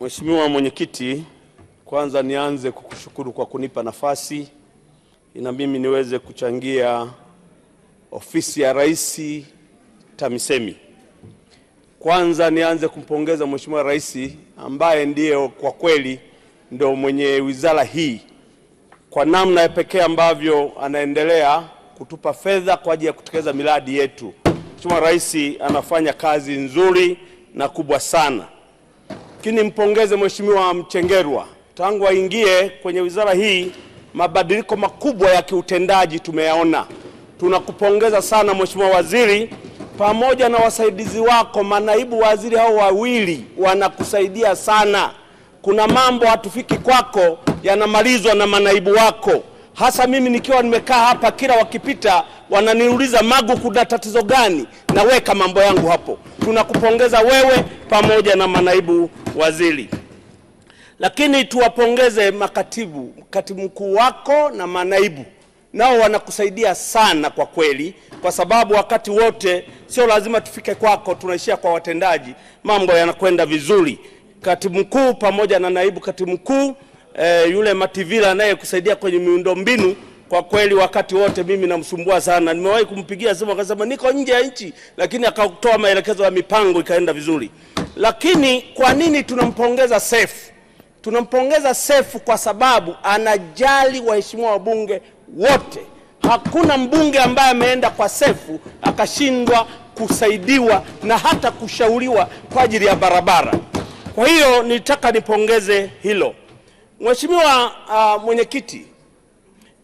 Mheshimiwa Mwenyekiti, kwanza nianze kukushukuru kwa kunipa nafasi na mimi niweze kuchangia ofisi ya Rais TAMISEMI. Kwanza nianze kumpongeza Mheshimiwa Rais ambaye ndiye kwa kweli ndio mwenye wizara hii kwa namna ya pekee ambavyo anaendelea kutupa fedha kwa ajili ya kutekeleza miradi yetu. Mheshimiwa Rais anafanya kazi nzuri na kubwa sana. Lakini mpongeze Mheshimiwa Mchengerwa, tangu aingie kwenye wizara hii mabadiliko makubwa ya kiutendaji tumeyaona. Tunakupongeza sana Mheshimiwa Waziri pamoja na wasaidizi wako manaibu waziri hao wawili wanakusaidia sana. Kuna mambo hatufiki kwako, yanamalizwa na manaibu wako. Hasa mimi nikiwa nimekaa hapa, kila wakipita wananiuliza Magu, kuna tatizo gani? Naweka mambo yangu hapo. Tunakupongeza wewe pamoja na manaibu waziri. Lakini tuwapongeze makatibu, katibu mkuu wako na manaibu, nao wanakusaidia sana kwa kweli, kwa sababu wakati wote sio lazima tufike kwako, tunaishia kwa watendaji, mambo yanakwenda vizuri. Katibu mkuu pamoja na naibu katibu mkuu e, yule Mativila anayekusaidia kwenye miundombinu kwa kweli wakati wote mimi namsumbua sana. Nimewahi kumpigia simu akasema niko nje ya nchi, lakini akatoa maelekezo ya mipango ikaenda vizuri. Lakini kwa nini tunampongeza Seif? Tunampongeza Seif kwa sababu anajali waheshimiwa wabunge wote. Hakuna mbunge ambaye ameenda kwa Seif akashindwa kusaidiwa na hata kushauriwa kwa ajili ya barabara. Kwa hiyo nitaka nipongeze hilo. Mheshimiwa uh, mwenyekiti,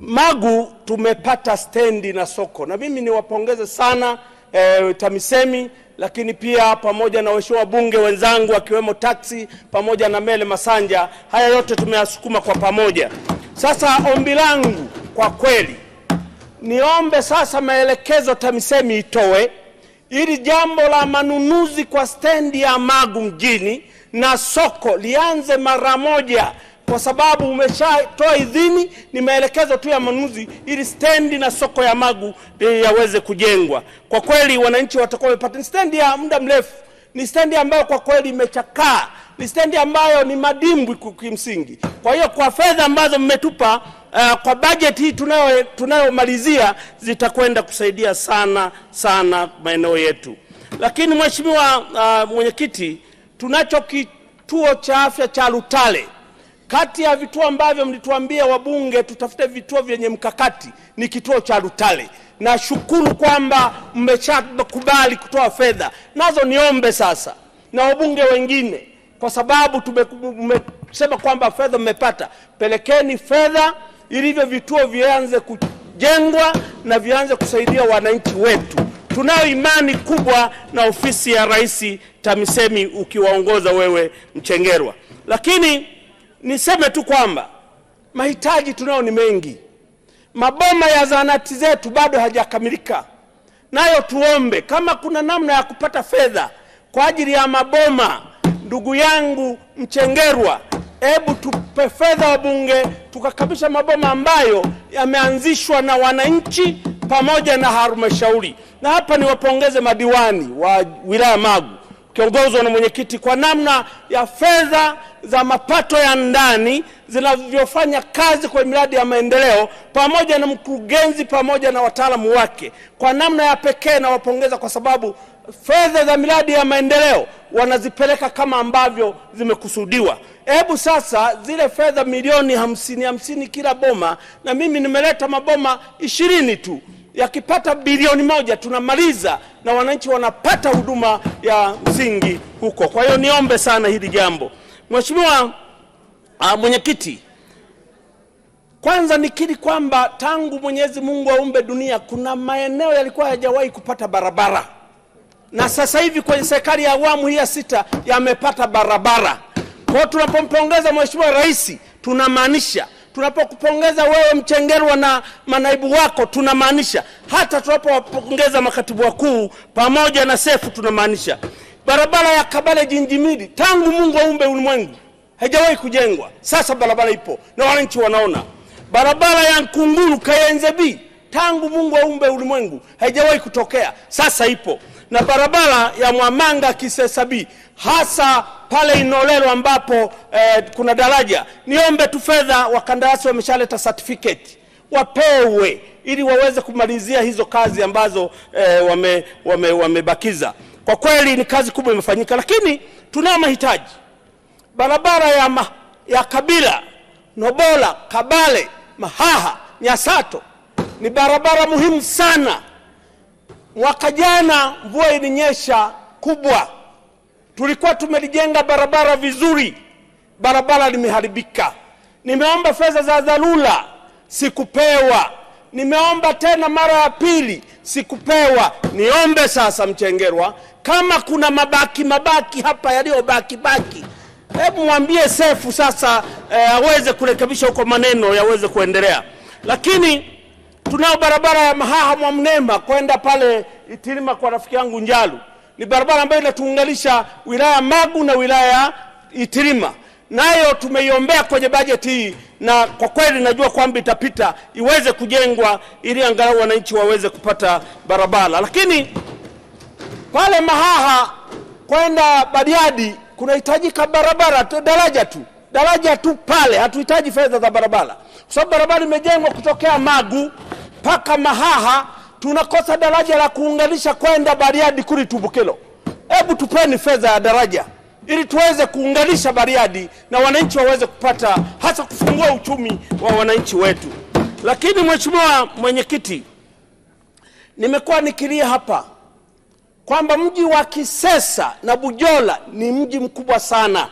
Magu tumepata stendi na soko, na mimi niwapongeze sana eh, TAMISEMI lakini pia pamoja na waheshimiwa bunge wenzangu akiwemo taksi pamoja na Mele Masanja. Haya yote tumeyasukuma kwa pamoja. Sasa ombi langu kwa kweli, niombe sasa maelekezo TAMISEMI itoe ili jambo la manunuzi kwa stendi ya Magu mjini na soko lianze mara moja kwa sababu umeshatoa idhini, ni maelekezo tu ya manunuzi, ili stendi na soko ya Magu yaweze kujengwa. Kwa kweli wananchi watakuwa wamepata, ni stendi ya muda mrefu, ni stendi ambayo kwa kweli imechakaa, ni stendi ambayo ni madimbwi kimsingi. Kwa hiyo kwa fedha ambazo mmetupa Uh, kwa bajeti hii tunayomalizia zitakwenda kusaidia sana sana maeneo yetu. Lakini mheshimiwa uh, mwenyekiti, tunacho kituo cha afya cha Lutale. Kati ya vituo ambavyo mlituambia wabunge tutafute vituo vyenye mkakati ni kituo cha Rutale. Nashukuru kwamba mmeshakubali kutoa fedha nazo. Niombe sasa na wabunge wengine, kwa sababu tumesema kwamba fedha mmepata, pelekeni fedha ilivyo, vituo vianze kujengwa na vianze kusaidia wananchi wetu. Tunayo imani kubwa na ofisi ya Rais TAMISEMI ukiwaongoza wewe Mchengerwa, lakini Niseme tu kwamba mahitaji tunayo ni mengi. Maboma ya zahanati zetu bado hajakamilika, nayo tuombe kama kuna namna ya kupata fedha kwa ajili ya maboma. Ndugu yangu Mchengerwa, hebu tupe fedha wa bunge tukakamisha maboma ambayo yameanzishwa na wananchi pamoja na halmashauri. Na hapa niwapongeze madiwani wa wilaya Magu kiongozwa na mwenyekiti kwa namna ya fedha za mapato ya ndani zinavyofanya kazi kwa miradi ya maendeleo pamoja na mkurugenzi pamoja na wataalamu wake. Kwa namna ya pekee nawapongeza kwa sababu fedha za miradi ya maendeleo wanazipeleka kama ambavyo zimekusudiwa. Hebu sasa zile fedha milioni hamsini hamsini kila boma, na mimi nimeleta maboma ishirini tu yakipata bilioni moja tunamaliza na wananchi wanapata huduma ya msingi huko. Kwa hiyo niombe sana hili jambo, Mheshimiwa ah, Mwenyekiti. Kwanza nikiri kwamba tangu Mwenyezi Mungu aumbe dunia kuna maeneo yalikuwa hayajawahi kupata barabara, na sasa hivi kwenye serikali ya awamu hii ya sita yamepata barabara. Kwa hiyo tunapompongeza Mheshimiwa Rais tunamaanisha Tunapokupongeza wewe Mchengerwa na manaibu wako tunamaanisha, hata tunapowapongeza makatibu wakuu pamoja na Sefu tunamaanisha. Barabara ya Kabale Jinjimili tangu Mungu aumbe ulimwengu haijawahi kujengwa, sasa barabara ipo na wananchi wanaona. Barabara ya Nkunguru Kayenzebi, tangu Mungu aumbe ulimwengu haijawahi kutokea, sasa ipo. Na barabara ya Mwamanga kisesabi hasa pale Inolelo ambapo eh, kuna daraja, niombe tu fedha, wakandarasi wameshaleta certificate wapewe ili waweze kumalizia hizo kazi ambazo eh, wame, wame, wamebakiza. Kwa kweli ni kazi kubwa imefanyika, lakini tunayo mahitaji. Barabara ya, ma, ya Kabila, Nobola, Kabale, Mahaha, Nyasato ni barabara muhimu sana. Mwaka jana mvua ilinyesha kubwa, tulikuwa tumelijenga barabara vizuri, barabara limeharibika. Nimeomba fedha za dharura, sikupewa. Nimeomba tena mara ya pili, sikupewa. Niombe sasa, Mchengerwa, kama kuna mabaki mabaki hapa yaliyobaki baki, hebu mwambie Sefu sasa eh, aweze kurekebisha huko maneno yaweze kuendelea, lakini Tunao barabara ya Mahaha Mwamnemba kwenda pale Itilima kwa rafiki yangu Njalu, ni barabara ambayo inatuunganisha wilaya Magu na wilaya Itilima, nayo tumeiombea kwenye bajeti hii, na kwa kweli najua kwamba itapita iweze kujengwa ili angalau wananchi waweze kupata barabara. Lakini pale Mahaha kwenda Bariadi kunahitajika barabara tu, daraja tu daraja tu pale, hatuhitaji fedha za barabara, kwa sababu barabara imejengwa kutokea Magu mpaka Mahaha, tunakosa daraja la kuunganisha kwenda Bariadi kuli Tubukelo. Hebu tupeni fedha ya daraja ili tuweze kuunganisha Bariadi na wananchi waweze kupata, hasa kufungua uchumi wa wananchi wetu. Lakini mheshimiwa mwenyekiti, nimekuwa nikilia hapa kwamba mji wa Kisesa na Bujola ni mji mkubwa sana.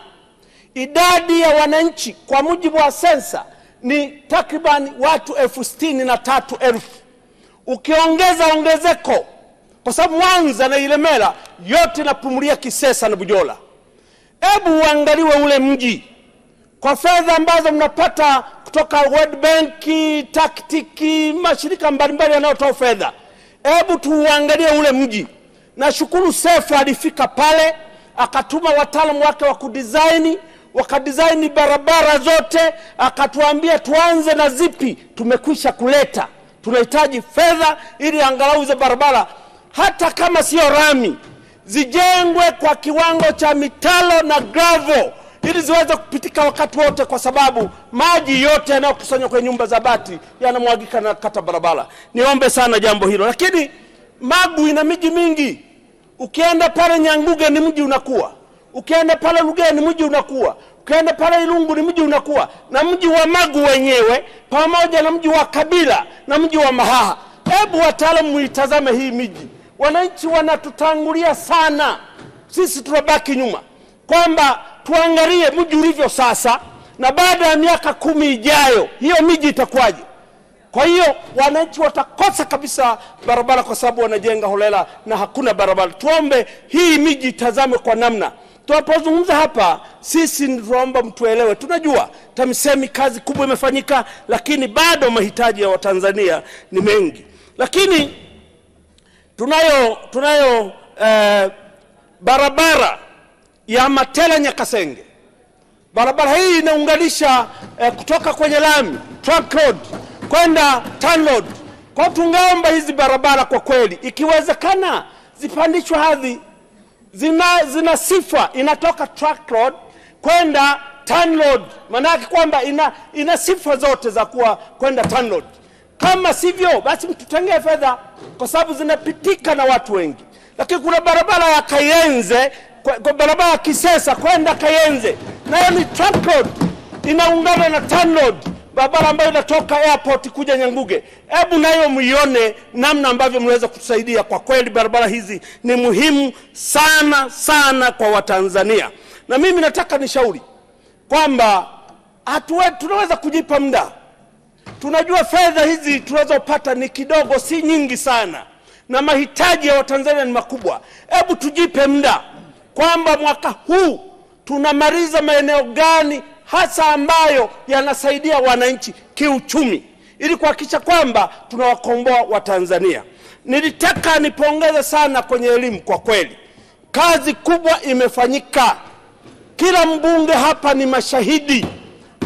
Idadi ya wananchi kwa mujibu wa sensa ni takriban watu elfu sitini na tatu elfu ukiongeza ongezeko, kwa sababu Mwanza na Ilemela yote napumulia Kisesa na Bujola. Hebu uangaliwe ule mji kwa fedha ambazo mnapata kutoka World Bank, taktiki, mashirika mbalimbali yanayotoa fedha. Hebu tuuangalie ule mji. Nashukuru Sefu alifika pale akatuma wataalamu wake wa kudisaini wakadisaini barabara zote, akatuambia tuanze na zipi. Tumekwisha kuleta, tunahitaji fedha ili angalau hizo barabara hata kama sio rami zijengwe kwa kiwango cha mitalo na gravo ili ziweze kupitika wakati wote, kwa sababu maji yote yanayokusanywa kwenye nyumba za bati yanamwagika na kata barabara. Niombe sana jambo hilo. Lakini Magu ina miji mingi, ukienda pale Nyanguge ni mji unakuwa Ukienda pale ni mji unakuwa, ukienda pale Ilungu ni mji unakuwa, na mji wa Magu wenyewe pamoja na mji wa Kabila na mji wa Mahaha. Hebu wataalamu, muitazame hii miji. Wananchi wanatutangulia sana, sisi tunabaki nyuma, kwamba tuangalie mji ulivyo sasa na baada ya miaka kumi ijayo hiyo miji itakuwaje? Kwa hiyo wananchi watakosa kabisa barabara, kwa sababu wanajenga holela na hakuna barabara. Tuombe hii miji itazame kwa namna Tunapozungumza hapa sisi, tunaomba mtuelewe. Tunajua TAMISEMI kazi kubwa imefanyika, lakini bado mahitaji ya Watanzania ni mengi, lakini tunayo, tunayo eh, barabara ya Matela Nyakasenge. Barabara hii inaunganisha eh, kutoka kwenye lami truck road kwenda TAN road. Kwa tungeomba hizi barabara kwa kweli, ikiwezekana zipandishwe hadhi zina, zina sifa inatoka road kwenda maana maanake kwamba ina, ina sifa zote za kuwa kwenda road. Kama sivyo, basi mtutengee fedha, kwa sababu zinapitika na watu wengi. Lakini kuna barabara ya Kayenze kwa, kwa barabara ya Kisesa kwenda Kayenze, nayo ni road inaungana na tanload barabara ambayo inatoka airport kuja Nyanguge, hebu nayo muione namna ambavyo mnaweza kutusaidia. Kwa kweli barabara hizi ni muhimu sana sana kwa Watanzania, na mimi nataka nishauri kwamba hatuwe tunaweza kujipa muda. Tunajua fedha hizi tunazopata ni kidogo, si nyingi sana, na mahitaji ya Watanzania ni makubwa. Hebu tujipe muda kwamba mwaka huu tunamaliza maeneo gani hasa ambayo yanasaidia wananchi kiuchumi ili kuhakikisha kwamba tunawakomboa Watanzania. Nilitaka nipongeze sana kwenye elimu, kwa kweli kazi kubwa imefanyika, kila mbunge hapa ni mashahidi.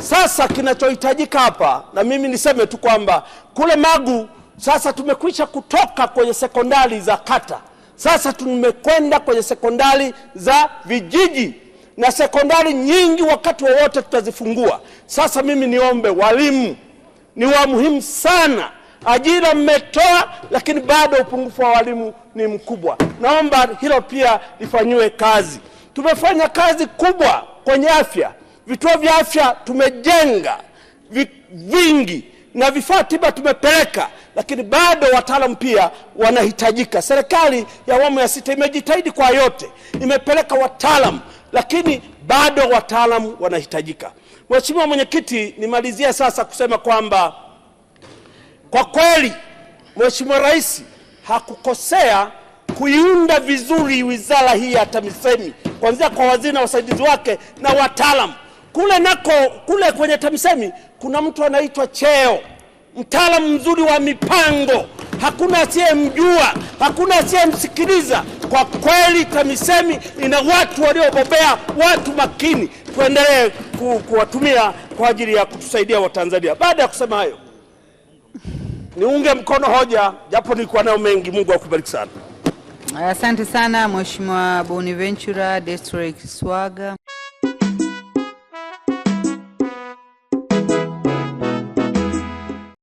Sasa kinachohitajika hapa, na mimi niseme tu kwamba kule Magu sasa tumekwisha kutoka kwenye sekondari za kata, sasa tumekwenda kwenye sekondari za vijiji na sekondari nyingi wakati wowote tutazifungua. Sasa mimi niombe walimu ni wa muhimu sana. Ajira mmetoa, lakini bado upungufu wa walimu ni mkubwa. Naomba hilo pia lifanyiwe kazi. Tumefanya kazi kubwa kwenye afya, vituo vya afya tumejenga vingi na vifaa tiba tumepeleka, lakini bado wataalamu pia wanahitajika. Serikali ya awamu ya sita imejitahidi kwa yote, imepeleka wataalamu lakini bado wataalamu wanahitajika. Mheshimiwa Mwenyekiti, nimalizia sasa kusema kwamba kwa kweli Mheshimiwa Rais hakukosea kuiunda vizuri wizara hii ya TAMISEMI kuanzia kwa waziri na wasaidizi wake na wataalamu kule nako. Kule kwenye TAMISEMI kuna mtu anaitwa Cheo, mtaalamu mzuri wa mipango hakuna asiyemjua, hakuna asiyemsikiliza. Kwa kweli, TAMISEMI ina watu waliobobea, watu makini. Tuendelee ku, kuwatumia kwa ajili ya kutusaidia Watanzania. Baada ya kusema hayo, niunge mkono hoja, japo nilikuwa nayo mengi. Mungu akubariki sana. Asante sana Mheshimiwa Bonaventura Desrey swaga